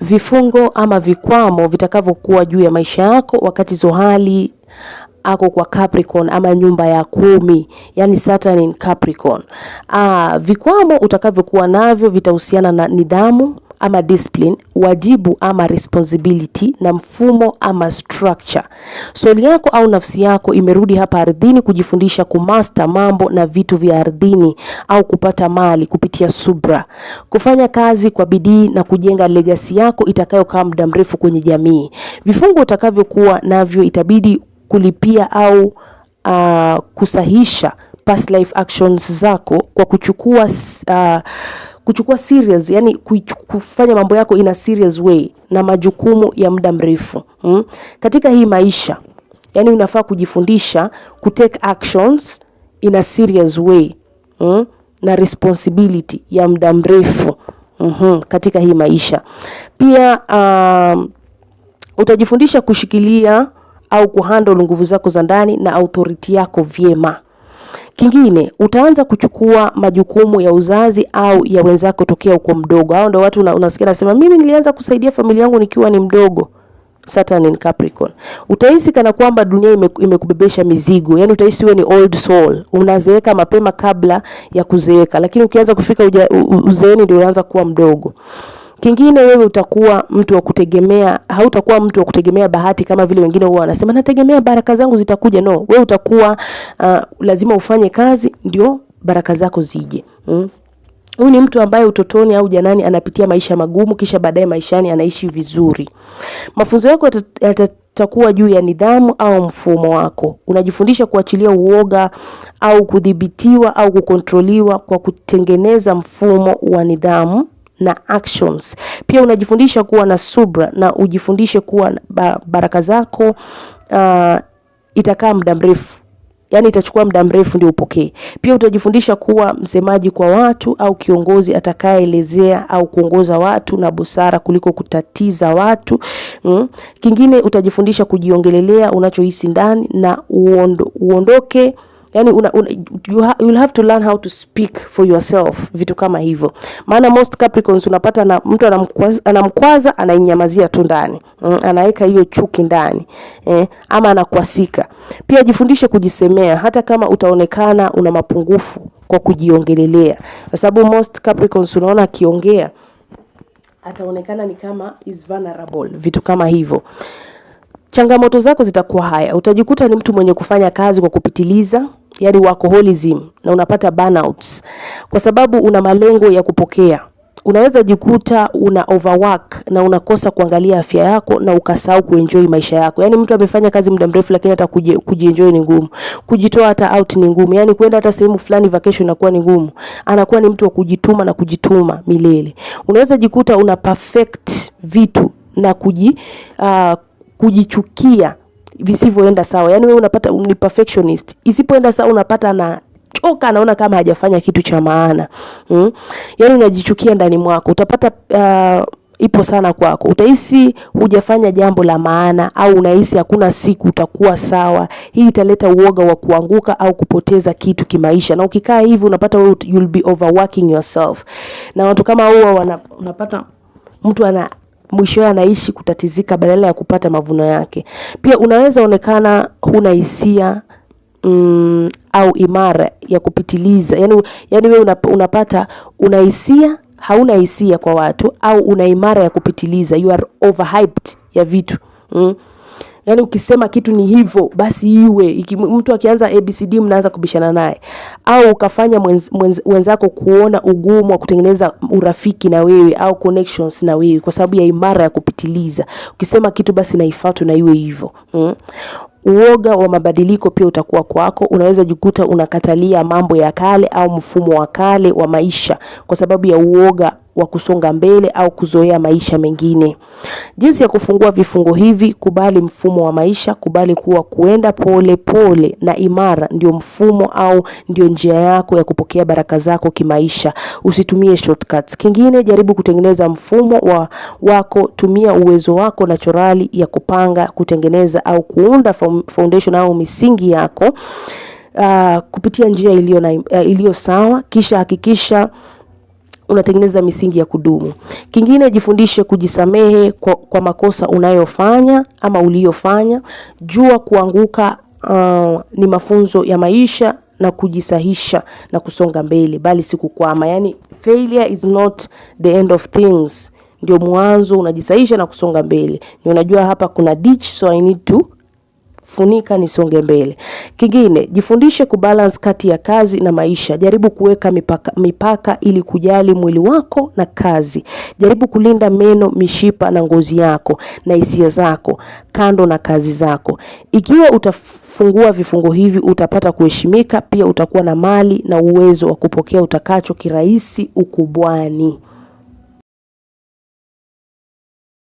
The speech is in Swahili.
vifungo ama vikwamo vitakavyokuwa juu ya maisha yako wakati Zohali ako kwa Capricorn ama nyumba ya kumi, yani Saturn in Capricorn. Ah, vikwamo utakavyokuwa navyo vitahusiana na nidhamu ama discipline, wajibu ama responsibility na mfumo ama structure. Soli yako au nafsi yako imerudi hapa ardhini kujifundisha kumaster mambo na vitu vya ardhini au kupata mali kupitia subra, kufanya kazi kwa bidii na kujenga legasi yako itakayokaa muda mrefu kwenye jamii. Vifungo utakavyokuwa navyo itabidi kulipia au uh, kusahisha past life actions zako kwa kuchukua uh, kuchukua serious, yani kufanya mambo yako in a serious way na majukumu ya muda mrefu mm. Katika hii maisha yani unafaa kujifundisha take actions in a serious way mm, na responsibility ya muda mrefu mm -hmm, katika hii maisha pia um, utajifundisha kushikilia au kuhandle nguvu zako za ndani na authority yako vyema. Kingine utaanza kuchukua majukumu ya uzazi au ya wenzako tokea uko mdogo. Hao ndio watu una, unasikia nasema mimi nilianza kusaidia familia yangu nikiwa ni mdogo. Saturn in Capricorn. Utahisi kana kwamba dunia imekubebesha mizigo. Yaani utahisi wewe ni old soul. Unazeeka mapema kabla ya kuzeeka. Lakini ukianza kufika uzeeni ndio unaanza kuwa mdogo. Kingine wewe utakuwa mtu wa kutegemea, hautakuwa mtu wa kutegemea bahati kama vile wengine huwa wanasema nategemea baraka zangu zitakuja. No, wewe utakuwa uh, lazima ufanye kazi ndio baraka zako zije. Mm. Huyu ni mtu ambaye utotoni au janani anapitia maisha magumu kisha baadaye maishani anaishi vizuri. Mafunzo yako yatakuwa juu ya nidhamu au mfumo wako. Unajifundisha kuachilia uoga au kudhibitiwa au kukontroliwa kwa kutengeneza mfumo wa nidhamu na actions. Pia unajifundisha kuwa na subra na ujifundishe kuwa baraka zako uh, itakaa muda mrefu yaani itachukua muda mrefu ndio upokee. Pia utajifundisha kuwa msemaji kwa watu au kiongozi atakayeelezea au kuongoza watu na busara kuliko kutatiza watu mm. Kingine utajifundisha kujiongelelea unachohisi ndani na uondo, uondoke yani una, una, you ha, you'll have to learn how to speak for yourself, vitu kama hivyo. Maana most Capricorns unapata na mtu anamkwaza, anamkwaza anainyamazia tu ndani mm, anaweka hiyo chuki ndani eh, ama anakwasika. Pia jifundishe kujisemea, hata kama utaonekana una mapungufu kwa kujiongelelea, kwa sababu most Capricorns unaona akiongea ataonekana ni kama is vulnerable, vitu kama hivyo. Changamoto zako zitakuwa haya, utajikuta ni mtu mwenye kufanya kazi kwa kupitiliza yani workaholism na unapata burnouts kwa sababu una malengo ya kupokea. Unaweza jikuta una overwork na unakosa kuangalia afya yako na ukasahau kuenjoy maisha yako. Yaani mtu amefanya kazi muda mrefu, lakini hata kujienjoy ni ngumu, kujitoa hata out ni ngumu, Yaani kwenda hata sehemu fulani vacation inakuwa ni ngumu. Anakuwa ni mtu wa kujituma na kujituma milele. Unaweza jikuta una perfect vitu na kuji, uh, kujichukia visivyoenda sawa. Yani wewe unapata ni perfectionist, isipoenda sawa unapata na choka anaona kama hajafanya kitu cha maana mm. Yani unajichukia ndani mwako, utapata uh, ipo sana kwako, utahisi hujafanya jambo la maana, au unahisi hakuna siku utakuwa sawa. Hii italeta uoga wa kuanguka au kupoteza kitu kimaisha, na ukikaa hivi unapata you'll be overworking yourself, na watu kama huwa unapata mtu ana mwishowe anaishi kutatizika badala ya kupata mavuno yake. Pia unaweza onekana huna hisia mm, au imara ya kupitiliza, yaani yani wewe unapata una hisia hauna hisia kwa watu au una imara ya kupitiliza, you are overhyped ya vitu mm yani ukisema kitu ni hivyo basi iwe Iki, mtu akianza ABCD mnaanza kubishana naye, au ukafanya wenzako kuona ugumu wa kutengeneza urafiki na wewe au connections na wewe kwa sababu ya imara ya kupitiliza. Ukisema kitu basi naifuata na iwe hivyo mm. Uoga wa mabadiliko pia utakuwa kwako. Unaweza jikuta unakatalia mambo ya kale au mfumo wa kale wa maisha kwa sababu ya uoga wa kusonga mbele au kuzoea maisha mengine. Jinsi ya kufungua vifungo hivi: kubali mfumo wa maisha, kubali kuwa kuenda pole pole na imara ndio mfumo au ndio njia yako ya kupokea baraka zako kimaisha. Usitumie shortcuts. Kingine, jaribu kutengeneza mfumo wa wako, tumia uwezo wako na chorali ya kupanga, kutengeneza au kuunda foundation au misingi yako. Uh, kupitia njia iliyo uh, iliyo sawa, kisha hakikisha unatengeneza misingi ya kudumu. Kingine, jifundishe kujisamehe kwa, kwa makosa unayofanya ama uliyofanya. Jua kuanguka uh, ni mafunzo ya maisha na kujisahisha na kusonga mbele, bali si kukwama. Yani, failure is not the end of things, ndio mwanzo. Unajisahisha na kusonga mbele, ni unajua hapa kuna ditch, so I need to funika nisonge mbele. Kingine, jifundishe kubalance kati ya kazi na maisha. Jaribu kuweka mipaka, mipaka ili kujali mwili wako na kazi. Jaribu kulinda meno, mishipa na ngozi yako na hisia zako kando na kazi zako. Ikiwa utafungua vifungo hivi, utapata kuheshimika, pia utakuwa na mali na uwezo wa kupokea utakacho kirahisi ukubwani.